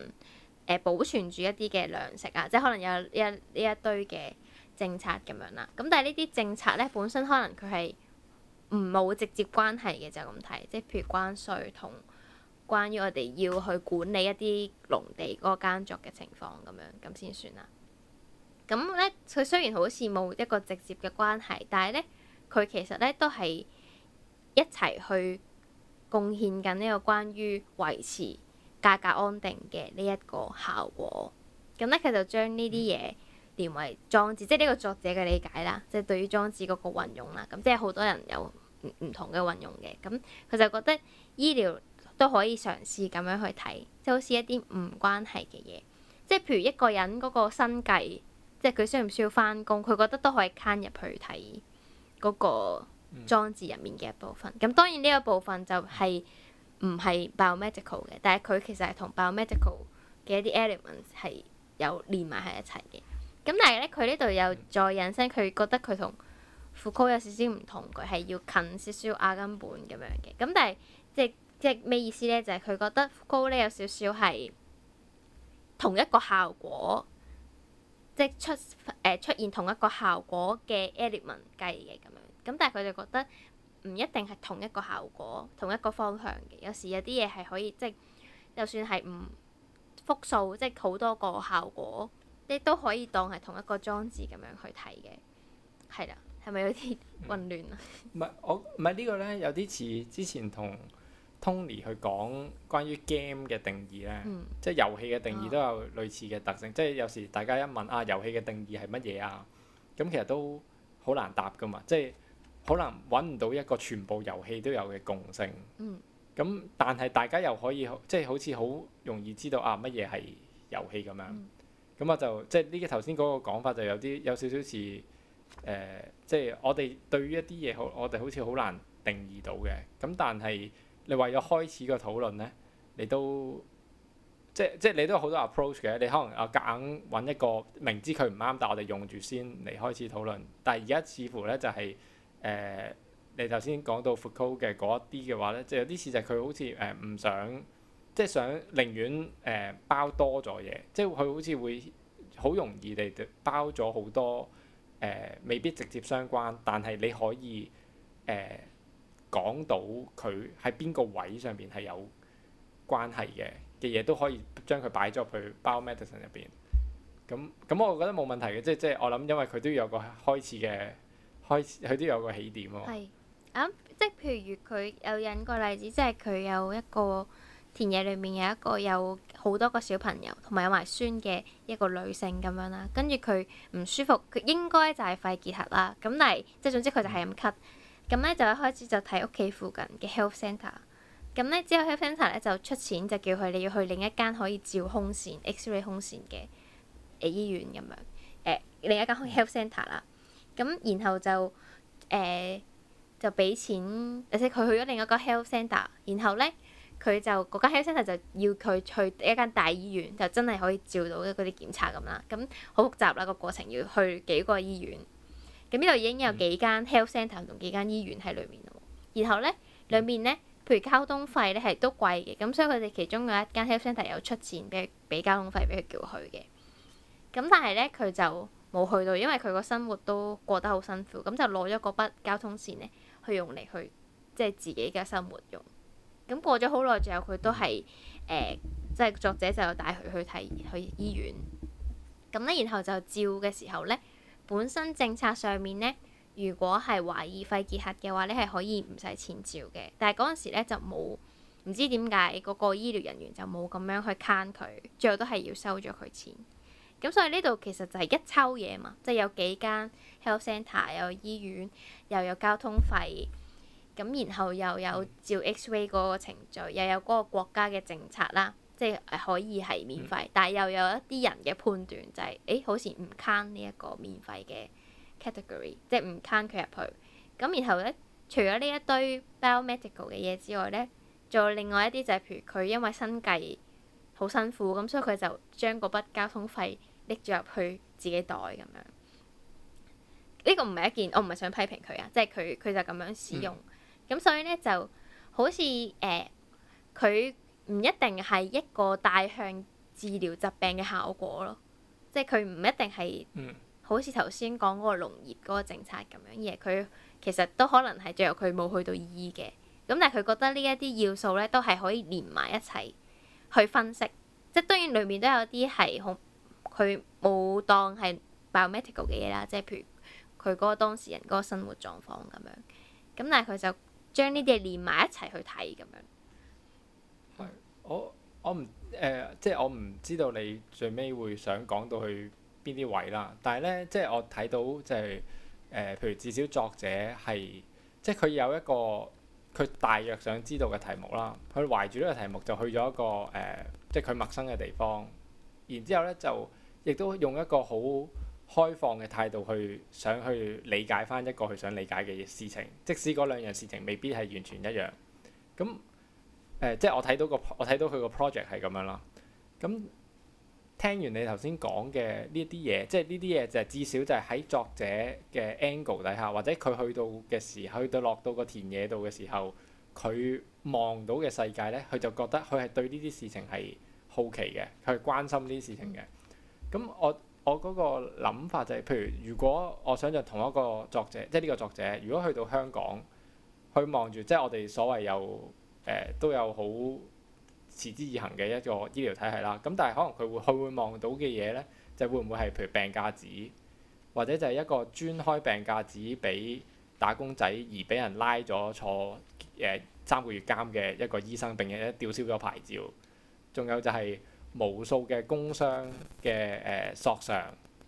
呃、保存住一啲嘅糧食啊，即係可能有一呢一堆嘅政策咁樣啦。咁但係呢啲政策咧本身可能佢係唔冇直接關係嘅，就咁睇，即係譬如關稅同關於我哋要去管理一啲農地嗰個耕作嘅情況咁樣，咁先算啦。咁咧，佢雖然好似冇一個直接嘅關係，但係咧，佢其實咧都係一齊去。貢獻緊呢個關於維持價格安定嘅呢一個效果，咁咧佢就將呢啲嘢連為裝置，即係呢個作者嘅理解啦，即係對於裝置嗰個運用啦，咁即係好多人有唔唔同嘅運用嘅，咁佢就覺得醫療都可以嘗試咁樣去睇，即係好似一啲唔關係嘅嘢，即係譬如一個人嗰個生計，即係佢需唔需要翻工，佢覺得都可以 can 入去睇嗰個。裝置入面嘅一部分，咁當然呢一個部分就係唔係 biomedical 嘅，但係佢其實係同 biomedical 嘅一啲 element 係有連埋喺一齊嘅。咁但係咧，佢呢度又再引申，佢覺得佢同 Foucault 有少少唔同，佢係要近少少阿根本咁樣嘅。咁但係即即咩意思咧？就係、是、佢覺得 Foucault 咧有少少係同一個效果，即出誒、呃、出現同一個效果嘅 element 計嘅咁樣。咁但係佢哋覺得唔一定係同一個效果、同一個方向嘅。有時有啲嘢係可以即係，就算係唔複數，即係好多個效果，你都可以當係同一個裝置咁樣去睇嘅。係啦，係咪有啲混亂啊？唔係、嗯、我唔係呢個咧，有啲似之前同 Tony 去講關於 game 嘅定義咧，嗯、即係遊戲嘅定義都有類似嘅特性。啊、即係有時大家一問啊遊戲嘅定義係乜嘢啊？咁其實都好難答㗎嘛，即係。可能揾唔到一個全部遊戲都有嘅共性，咁、嗯、但係大家又可以即係好似好容易知道啊乜嘢係遊戲咁樣咁啊？嗯、我就即係呢個頭先嗰個講法，就有啲有少少似誒，即係我哋對於一啲嘢好，我哋好似好難定義到嘅。咁但係你為咗開始個討論呢，你都即即係你都有好多 approach 嘅。你可能啊硬揾一個明知佢唔啱，但係我哋用住先嚟開始討論。但係而家似乎呢、就係，就係。誒、呃，你頭先講到 Foucault 嘅嗰一啲嘅話咧，就有啲事就佢好似誒唔想，即係想寧願誒包多咗嘢，即係佢好似會好容易地包咗好多誒、呃，未必直接相關，但係你可以誒講、呃、到佢喺邊個位上邊係有關係嘅嘅嘢，都可以將佢擺咗入去 bio- medicine 入邊。咁咁，我覺得冇問題嘅，即係即係我諗，因為佢都要有個開始嘅。開始佢都有個起點喎、啊。係啊，即係譬如佢有引個例子，即係佢有一個田野裏面有一個有好多個小朋友同埋有埋孫嘅一個女性咁樣啦，跟住佢唔舒服，佢應該就係肺結核啦。咁但係即係總之佢就係咁咳。咁咧就一開始就睇屋企附近嘅 health centre e。咁咧之後 health centre e 咧就出錢就叫佢你要去另一間可以照胸線 X ray 胸線嘅誒醫院咁樣誒、呃、另一間 health centre e 啦。咁然後就誒、呃、就俾錢，而且佢去咗另一個 health center 然後咧佢就嗰間 health center 就要佢去一間大醫院，就真係可以照到嗰啲檢查咁啦。咁好複雜啦，個過程要去幾個醫院。咁呢度已經有幾間 health center 同幾間醫院喺裏面啦。然後咧裏面咧，譬如交通費咧係都貴嘅，咁所以佢哋其中有一間 health center 有出錢俾佢俾交通費俾佢叫佢嘅。咁但係咧佢就～冇去到，因為佢個生活都過得好辛苦，咁就攞咗嗰筆交通錢咧，去用嚟去即係自己嘅生活用。咁過咗好耐，最後佢都係誒，即係作者就帶佢去睇去醫院。咁咧，然後就照嘅時候咧，本身政策上面咧，如果係懷疑肺結核嘅話咧，係可以唔使錢照嘅。但係嗰陣時咧就冇，唔知點解嗰個醫療人員就冇咁樣去慳佢，最後都係要收咗佢錢。咁所以呢度其實就係一抽嘢嘛，即、就、係、是、有幾間 health centre，e 有醫院，又有交通費，咁然後又有照 X ray 嗰個程序，又有嗰個國家嘅政策啦，即、就、係、是、可以係免費，嗯、但係又有一啲人嘅判斷就係、是，誒、欸、好似唔 c 呢一個免費嘅 category，即係唔 c 佢入去。咁然後咧，除咗呢一堆 bio medical 嘅嘢之外咧，仲有另外一啲就係，譬如佢因為生計好辛苦，咁所以佢就將嗰筆交通費，拎住入去自己袋咁樣，呢、這個唔係一件我唔係想批評佢啊，即係佢佢就咁樣使用咁，嗯、所以咧就好似誒佢唔一定係一個帶向治療疾病嘅效果咯，即係佢唔一定係、嗯、好似頭先講嗰個農業嗰個政策咁樣，而係佢其實都可能係最後佢冇去到醫嘅咁，但係佢覺得呢一啲要素咧都係可以連埋一齊去分析，即係當然裡面都有啲係好。佢冇當係 biomedical 嘅嘢啦，即係譬如佢嗰個當事人嗰個生活狀況咁樣，咁但係佢就將呢啲連埋一齊去睇咁樣。我我唔誒、呃，即係我唔知道你最尾會想講到去邊啲位啦。但係咧，即係我睇到就係、是、誒、呃，譬如至少作者係即係佢有一個佢大約想知道嘅題目啦。佢懷住呢個題目就去咗一個誒、呃，即係佢陌生嘅地方，然之後咧就。亦都用一個好開放嘅態度去想去理解翻一個佢想理解嘅事情，即使嗰兩樣事情未必係完全一樣。咁誒、呃，即係我睇到個我睇到佢個 project 係咁樣啦。咁聽完你頭先講嘅呢啲嘢，即係呢啲嘢就係至少就係喺作者嘅 angle 底下，或者佢去到嘅時候，去到落到個田野度嘅時候，佢望到嘅世界呢，佢就覺得佢係對呢啲事情係好奇嘅，佢係關心呢啲事情嘅。嗯咁我我嗰個諗法就係、是，譬如如果我想像同一個作者，即係呢個作者，如果去到香港去望住，即係、就是、我哋所謂有誒、呃、都有好持之以恒嘅一個醫療體係啦。咁但係可能佢會佢會望到嘅嘢咧，就會唔會係譬如病假紙，或者就係一個專開病假紙俾打工仔而俾人拉咗坐誒、呃、三個月監嘅一個醫生，並且吊銷咗牌照，仲有就係、是。無數嘅工傷嘅誒、呃、索償，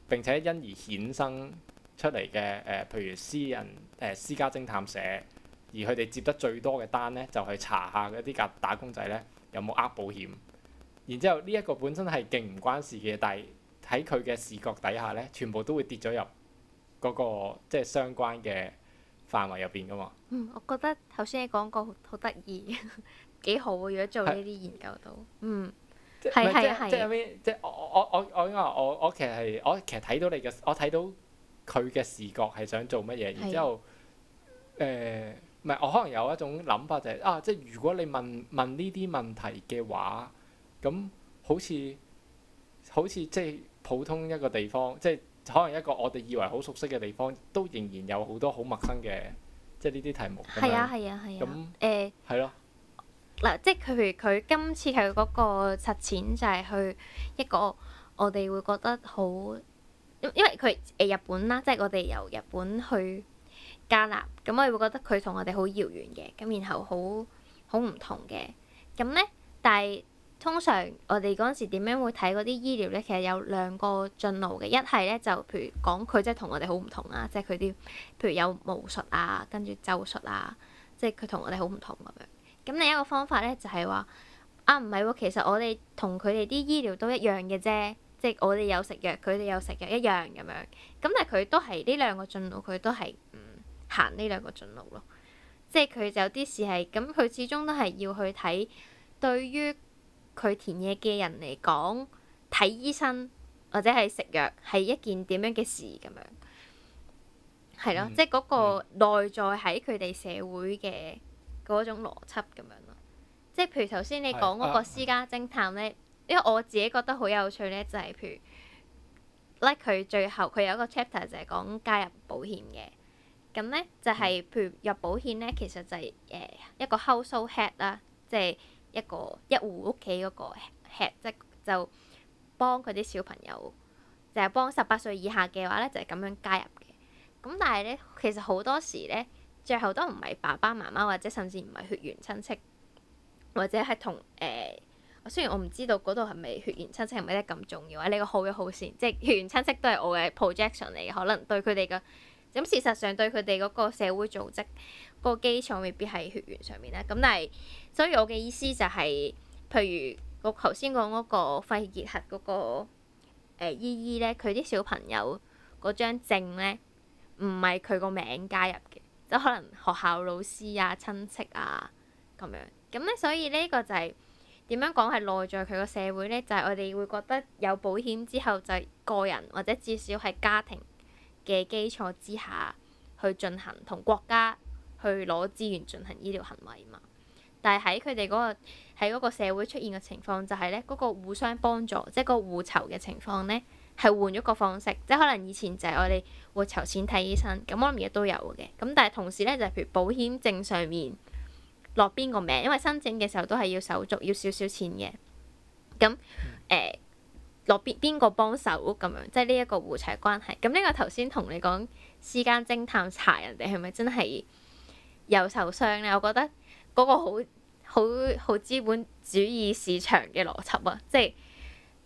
並且因而衍生出嚟嘅誒，譬如私人誒、呃、私家偵探社，而佢哋接得最多嘅單咧，就係查下嗰啲夾打工仔咧，有冇呃保險。然之後呢一個本身係勁唔關事嘅，但係喺佢嘅視角底下咧，全部都會跌咗入嗰、那個即係相關嘅範圍入邊噶嘛。嗯，我覺得頭先你講過好得意，幾好啊！ 如果做呢啲研究都是嗯。唔係即係有咩？是即係是我我我我應該話我我其實係我其實睇到你嘅我睇到佢嘅視覺係想做乜嘢？然是之後誒唔係我可能有一種諗法就係啊，即係如果你問問呢啲問題嘅話，咁好似好似即係普通一個地方，即係可能一個我哋以為好熟悉嘅地方，都仍然有好多好陌生嘅，即係呢啲題目。係啊係啊係啊。咁誒。係咯。嗱，即係佢譬如佢今次佢嗰個實踐就係去一個我哋會覺得好，因因為佢誒日本啦，即係我哋由日本去加納，咁我會覺得佢同我哋好遙遠嘅，咁然後好好唔同嘅。咁咧，但係通常我哋嗰陣時點樣會睇嗰啲醫療咧？其實有兩個進路嘅，一係咧就譬如講佢即係同我哋好唔同啊，即係佢啲譬如有巫術啊，跟住咒術啊，即係佢同我哋好唔同咁樣。咁另一個方法咧，就係、是、話啊，唔係喎，其實我哋同佢哋啲醫療都一樣嘅啫，即係我哋有食藥，佢哋有食藥一樣咁樣。咁但係佢都係呢兩個進路，佢都係唔行呢兩個進路咯。即係佢有啲事係咁，佢始終都係要去睇對於佢田野嘅人嚟講，睇醫生或者係食藥係一件點樣嘅事咁樣。係咯、啊，嗯、即係嗰個內在喺佢哋社會嘅。嗰種邏輯咁樣咯，即係譬如頭先你講嗰個私家偵探咧，啊、因為我自己覺得好有趣咧，就係、是、譬如咧，佢最後佢有一個 chapter 就係講加入保險嘅，咁咧就係、是、譬如入保險咧，其實就係、是、誒、呃、一個 household head 啦，即係一個一戶屋企嗰個 head，即就，就幫佢啲小朋友，就係、是、幫十八歲以下嘅話咧，就係、是、咁樣加入嘅。咁但係咧，其實好多時咧。最後都唔係爸爸媽媽，或者甚至唔係血緣親戚，或者係同誒。雖然我唔知道嗰度係咪血緣親戚係咪得咁重要啊？呢個好與好先，即係血緣親戚都係我嘅 projection 嚟嘅，可能對佢哋嘅咁，事實上對佢哋嗰個社會組織個基礎未必係血緣上面咧。咁但係，所以我嘅意思就係、是，譬如我頭先講嗰個肺結核嗰個誒姨姨咧，佢、呃、啲小朋友嗰張證咧，唔係佢個名加入嘅。就可能學校老師啊、親戚啊咁樣，咁咧所以呢個就係、是、點樣講係內在佢個社會咧，就係、是、我哋會覺得有保險之後就個人或者至少係家庭嘅基礎之下去進行同國家去攞資源進行醫療行為嘛。但係喺佢哋嗰個喺嗰個社會出現嘅情況就呢，就係咧嗰個互相幫助，即、就、係、是、個互酬嘅情況咧。係換咗個方式，即係可能以前就係我哋會籌錢睇醫生，咁我諗嘢都有嘅。咁但係同時咧，就係、譬如保險證上面落邊個名，因為申請嘅時候都係要手續，要少少錢嘅。咁誒、呃、落邊邊個幫手咁樣，即係呢一個互查關係。咁呢個頭先同你講私家偵探查人哋係咪真係有受傷咧？我覺得嗰個好好好資本主義市場嘅邏輯啊，即係。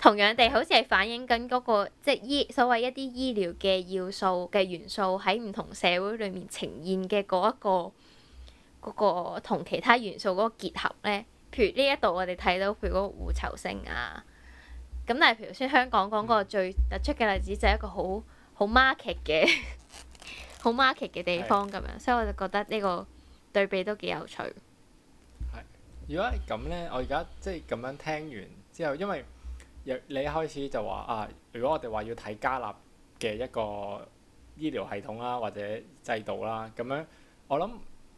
同樣地，好似係反映緊嗰個即係醫所謂一啲醫療嘅要素嘅元素，喺唔同社會裏面呈現嘅嗰一個嗰個同其他元素嗰個結合咧。譬如呢一度我哋睇到，譬如嗰互酬性啊，咁但係譬如頭先香港講個最突出嘅例子就係一個好好 market 嘅好 market 嘅地方咁樣，的所以我就覺得呢個對比都幾有趣。係，如果係咁咧，我而家即係咁樣聽完之後，因為。你一開始就話啊，如果我哋話要睇加納嘅一個醫療系統啦，或者制度啦，咁樣我諗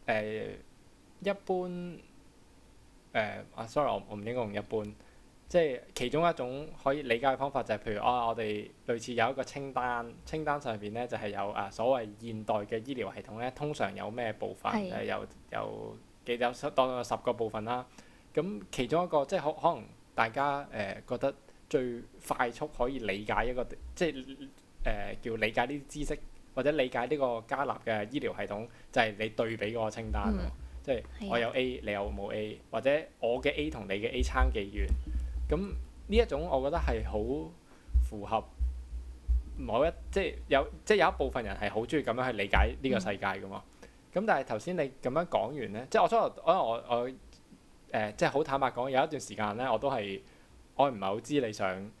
誒一般誒啊，sorry，我唔應該用一般，即係其中一種可以理解嘅方法就係，譬如啊，我哋類似有一個清單，清單上邊咧就係有啊所謂現代嘅醫療系統咧，通常有咩部分係是的 有有幾有當十個部分啦。咁其中一個即係可可能大家誒覺得。最快速可以理解一個即係誒、呃、叫理解呢啲知識，或者理解呢個加納嘅醫療系統，就係、是、你對比嗰個清單、嗯、即係的我有 A，你有冇 A，或者我嘅 A 同你嘅 A 差幾遠？咁呢一種我覺得係好符合某一即係有即係有一部分人係好中意咁樣去理解呢個世界㗎嘛。咁、嗯、但係頭先你咁樣講完呢，即係我初頭我我，我、呃、即係好坦白講，有一段時間呢，我都係。我唔係好知你想，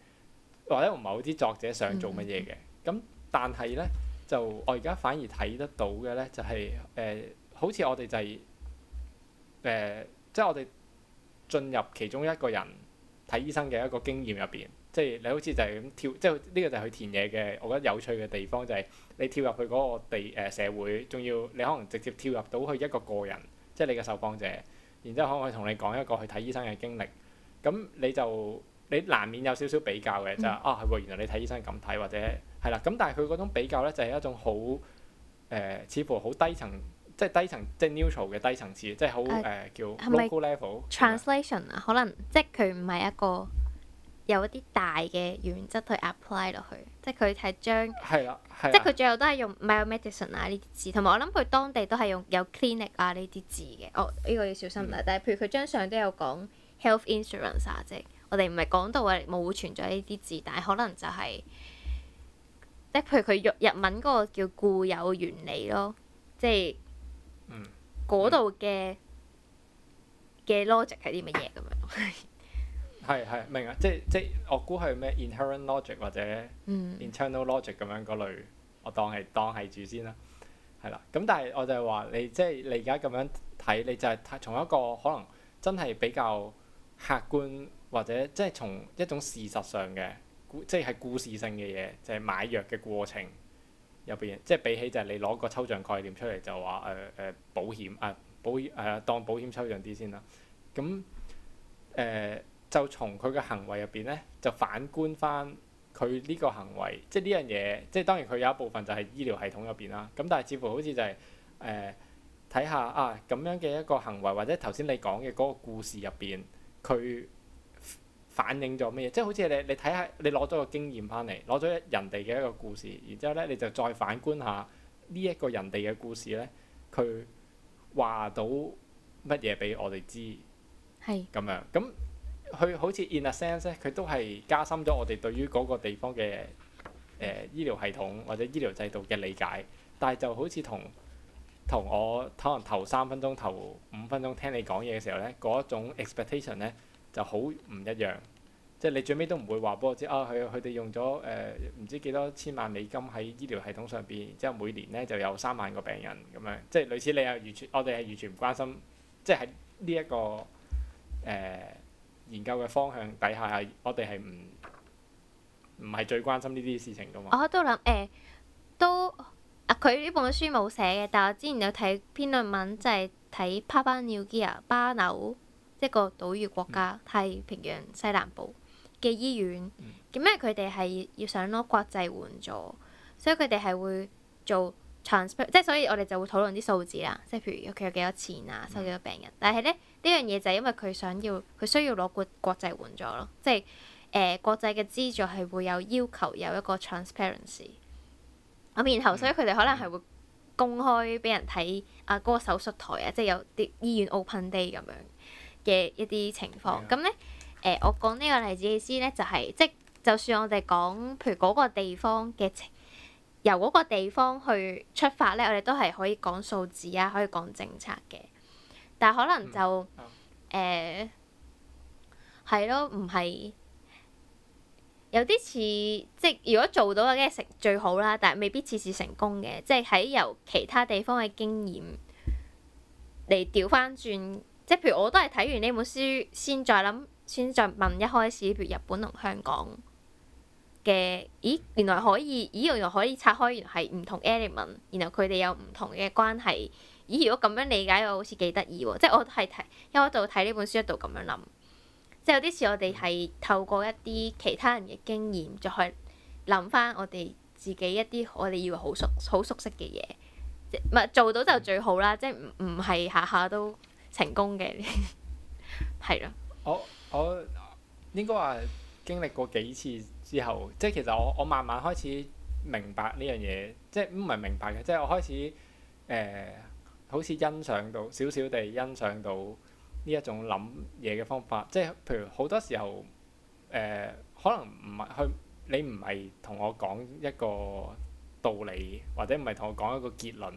或者唔係好知作者想做乜嘢嘅。咁、嗯、但係呢，就我而家反而睇得到嘅呢、就是呃就是呃，就係誒，好似我哋就係誒，即係我哋進入其中一個人睇醫生嘅一個經驗入邊。即、就、係、是、你好似就係咁跳，即係呢個就係佢田野嘅。我覺得有趣嘅地方就係你跳入去嗰個地誒、呃、社會，仲要你可能直接跳入到去一個個人，即、就、係、是、你嘅受訪者，然之後可以同你講一個去睇醫生嘅經歷。咁你就～你難免有少少比較嘅就係、是、啊，係原來你睇醫生咁睇，或者係啦。咁但係佢嗰種比較咧，就係、是、一種好誒、呃，似乎好低層，即係低層，即係 neutral 嘅低層次，即係好誒叫、uh, local level translation 的啊。可能即係佢唔係一個有一啲大嘅原則去 apply 落去，即係佢係將係啦，即係佢最後都係用 medicine、um、啊呢啲字，同埋我諗佢當地都係用有 clinic 啊呢啲字嘅。哦，呢、這個要小心啦、啊。但係譬如佢張相都有講 health insurance 啊，即、啊、係。啊啊啊啊。我哋唔係講到話冇存在呢啲字，但係可能就係、是，即係譬如佢日文嗰個叫固有原理咯，即係，嗰度嘅嘅 logic 係啲乜嘢咁樣？係係、嗯、 明啊，即係即係我估係咩 inherent logic 或者 internal logic 咁樣嗰、嗯、類，我當係當係住先啦，係啦。咁但係我就係話你即係你而家咁樣睇，你就係睇從一個可能真係比較客觀。或者即係從一種事實上嘅，即係喺故事性嘅嘢，就係買藥嘅過程入邊，即係比起就係你攞個抽象概念出嚟就話誒誒保險啊保誒、呃、當保險抽象啲先啦。咁誒、呃、就從佢嘅行為入邊咧，就反觀翻佢呢個行為，即係呢樣嘢，即係當然佢有一部分就係醫療系統入邊啦。咁但係似乎好似就係誒睇下啊咁樣嘅一個行為，或者頭先你講嘅嗰個故事入邊佢。反映咗咩嘢？即係好似你，你睇下，你攞咗個經驗翻嚟，攞咗人哋嘅一個故事，然之後咧，你就再反觀下呢一、這個人哋嘅故事咧，佢話到乜嘢俾我哋知？係咁是樣咁，佢好似 in a sense 咧，佢都係加深咗我哋對於嗰個地方嘅誒、呃、醫療系統或者醫療制度嘅理解。但係就好似同同我可能頭三分鐘、頭五分鐘聽你講嘢嘅時候咧，嗰一種 expectation 咧就好唔一樣。即係你最尾都唔會話俾我知啊！佢佢哋用咗誒唔知幾多千萬美金喺醫療系統上邊，之後每年咧就有三萬個病人咁樣，即係類似你係完全，我哋係完全唔關心，即係喺呢一個誒、呃、研究嘅方向底下，係我哋係唔唔係最關心呢啲事情噶嘛？我、呃、喺度諗都啊，佢呢本書冇寫嘅，但係我之前有睇篇論文，就係睇 Papua New Guinea 巴紐、就係、一個島嶼國家，太平洋西南部。嗯嘅醫院，咁因為佢哋係要想攞國際援助，所以佢哋係會做 transparency 即係所以我哋就會討論啲數字啦，即係譬如佢有幾多錢啊，收幾多病人，但係咧呢樣嘢就係因為佢想要，佢需要攞國國際援助咯，即係誒、呃、國際嘅資助係會有要求有一個 transparency，咁然後所以佢哋可能係會公開俾人睇啊嗰個手術台啊，即係有啲醫院 open day 咁樣嘅一啲情況，咁咧的。誒、呃，我講呢個例子嘅意思咧，就係、是、即係，就算我哋講譬如嗰個地方嘅情，由嗰個地方去出發咧，我哋都係可以講數字啊，可以講政策嘅，但係可能就誒係、嗯嗯呃、咯，唔係有啲似即係如果做到嘅梗係成最好啦，但係未必次次成功嘅，即係喺由其他地方嘅經驗嚟調翻轉，即係譬如我都係睇完呢本書先再諗。先再問一開始，譬如日本同香港嘅。咦，原來可以，咦，又又可以拆開嚟係唔同 element，然後佢哋有唔同嘅關係。咦，如果咁樣理解，我好似幾得意喎！即係我都係睇一度睇呢本書一度咁樣諗，即係有啲似我哋係透過一啲其他人嘅經驗，再去諗翻我哋自己一啲我哋以為好熟好熟悉嘅嘢。即係做到就最好啦，即係唔唔係下下都成功嘅，係 咯了。我。Oh. 我應該話經歷過幾次之後，即係其實我我慢慢開始明白呢樣嘢，即係唔係明白嘅，即係我開始誒、呃、好似欣賞到少少地欣賞到呢一種諗嘢嘅方法，即係譬如好多時候誒、呃、可能唔係去你唔係同我講一個道理，或者唔係同我講一個結論。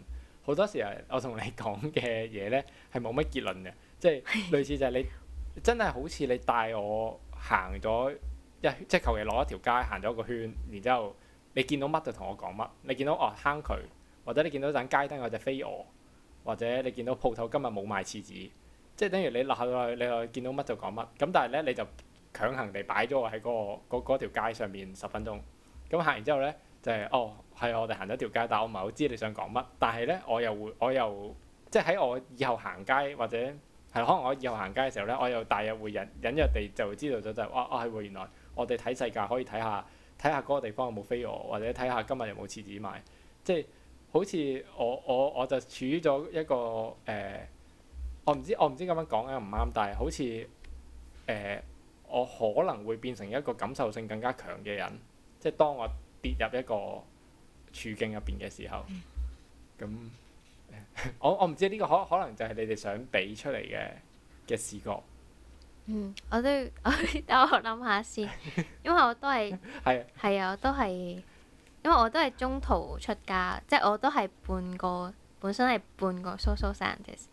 好多時候我同你講嘅嘢咧係冇乜結論嘅，即係類似就係你。 真係好似你帶我行咗一，即係求其攞一條街行咗一個圈，然之後你見到乜就同我講乜。你見到哦坑渠，或者你見到盞街燈有隻飛蛾，或者你見到鋪頭今日冇賣廁紙，即係等於你落去落去，你去見到乜就講乜。咁但係咧，你就強行地擺咗我喺嗰、嗰個條街上面十分鐘。咁行完之後咧，就係、係、哦，係、啊、我哋行咗條街，但係我唔係好知你想講乜。但係咧，我又會我又即係喺我以後行街或者。係可能我以後行街嘅時候咧，我又大約會隱隱約地就會知道咗就係、是、哇啊係喎，原來我哋睇世界可以睇下睇下嗰個地方有冇飛蛾，或者睇下今日有冇廁紙賣。即係好似我我我就處於咗一個誒、呃，我唔知我唔知咁樣講咧唔啱，但係好似誒、呃、我可能會變成一個感受性更加強嘅人。即係當我跌入一個處境入邊嘅時候，咁。 我我唔知呢、這個可可能就係你哋想俾出嚟嘅嘅視覺。嗯，我都我等 我諗下先，因為我都係係係啊，我都係，因為我都係中途出家，即係我都係半個本身係半個 social scientist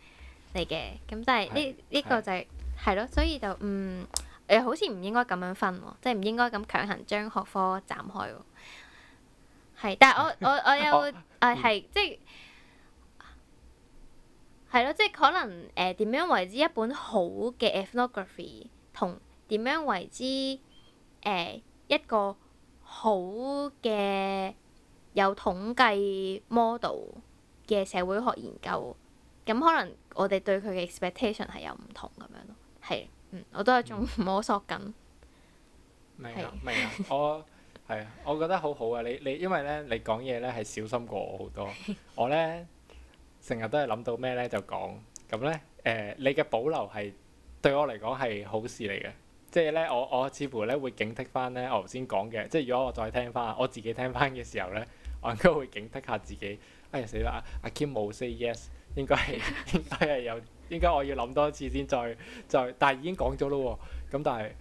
嚟嘅，咁但係呢呢個就係係咯，所以就嗯誒、呃、好似唔應該咁樣分、啊，即係唔應該咁強行將學科斬開、啊。係，但係我我我，我有誒係、 嗯啊、即係。即即係咯，即係可能誒點、呃、樣為之一本好嘅 ethnography，同點樣為之誒、呃、一個好嘅有統計 model 嘅社會學研究，咁可能我哋對佢嘅 expectation 係有唔同咁樣咯。係，嗯，我都係仲摸索緊、嗯。索明啊！是明啊！我係啊！ 我覺得好好啊！你你因為咧，你講嘢咧係小心過我好多， 我咧。成日都係諗到咩呢？就講，咁呢，誒、呃、你嘅保留係對我嚟講係好事嚟嘅。即係呢，我我似乎呢會警惕翻呢。我頭先講嘅，即係如果我再聽翻我自己聽翻嘅時候呢，我應該會警惕下自己，哎呀，死啦！阿 Kim 冇 say yes，應該係應該係又應該我要諗多次先再再，但係已經講咗咯喎，咁但係誒、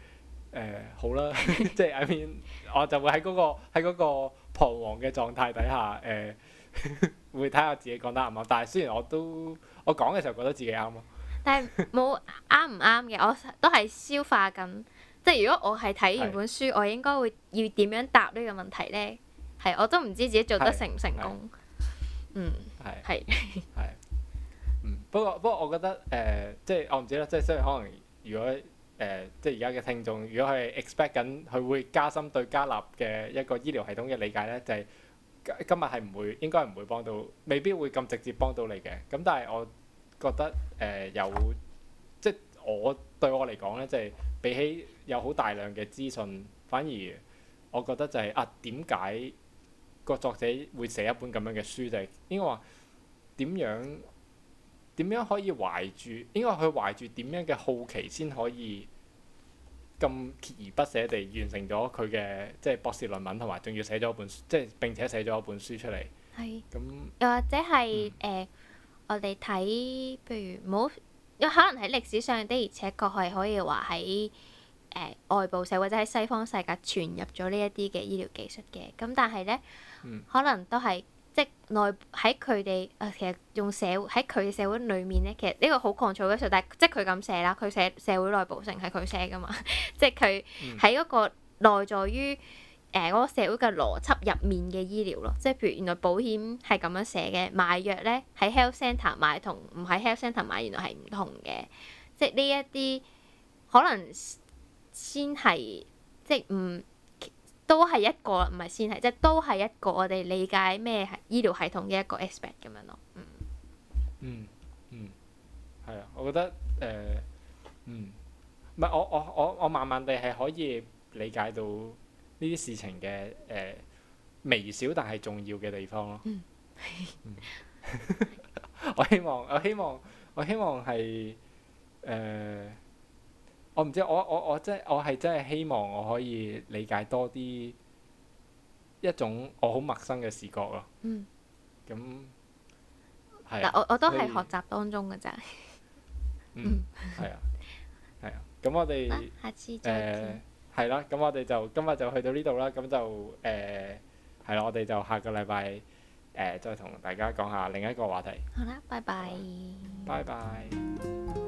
呃、好啦，即係 I mean, 我就會喺嗰、嗰個喺嗰個彷徨嘅狀態底下誒。呃 會睇下自己講得啱唔啱，但係雖然我都我講嘅時候覺得自己啱咯，但係冇啱唔啱嘅，我都係消化緊。即係如果我係睇完本書，是的 我應該會要點樣答呢個問題呢？係我都唔知自己做得成唔成功。是的 嗯，係係、嗯、不過不過我覺得誒、呃，即係我唔知啦。即係所以可能，如果誒、呃，即係而家嘅聽眾，如果佢係 expect 緊佢會加深對加納嘅一個醫療系統嘅理解呢，就係、是。今日係唔會應該唔會幫到，未必會咁直接幫到你嘅。咁但係我覺得誒、呃、有，即我對我嚟講咧，即係比起有好大量嘅資訊，反而我覺得就係啊點解個作者會寫一本咁樣嘅書？就係應該話點樣點樣可以懷住？應該佢懷住點樣嘅好奇先可以？咁鍥而不捨地完成咗佢嘅即係博士論文，同埋仲要寫咗本書，即係並且寫咗一本書出嚟。係是，咁那，又或者係誒、嗯呃、我哋睇，譬如唔好，有可能喺歷史上的，而且確係可以話喺誒外部社會或者喺西方世界傳入咗呢一啲嘅醫療技術嘅。咁但係咧，可能都係。即係內喺佢哋，誒、呃、其實用社喺佢哋社會裏面咧，其實呢個好狂躁嘅時候。但係即佢咁寫啦，佢寫社會內部性係佢寫噶嘛，即係佢喺嗰個內在於誒嗰個社會嘅邏輯入面嘅醫療咯，即譬如原來保險係咁樣寫嘅，買藥咧喺 health centre e 買同唔喺 health centre e 買原來係唔同嘅，即係呢一啲可能先係即唔。都係一個，唔係先係，即都係一個我哋理解咩係醫療系統嘅一個 aspect 咁樣咯、嗯嗯。嗯。嗯嗯，係啊，我覺得誒、呃，嗯，唔係我我我我慢慢地係可以理解到呢啲事情嘅誒、呃、微小但係重要嘅地方咯。我希望我希望我希望係誒。呃我唔知，我我我即係我係真係希望我可以理解多啲一,一種我好陌生嘅視覺咯。嗯。咁係、啊。我我都係學習當中嘅咋。嗯。 啊。係啊，咁我哋。下次再見。係啦、呃，咁、啊、我哋就今日就去到呢度啦。咁就誒係啦，我哋就下個禮拜誒、呃、再同大家講下另一個話題。好啦，拜拜。拜拜。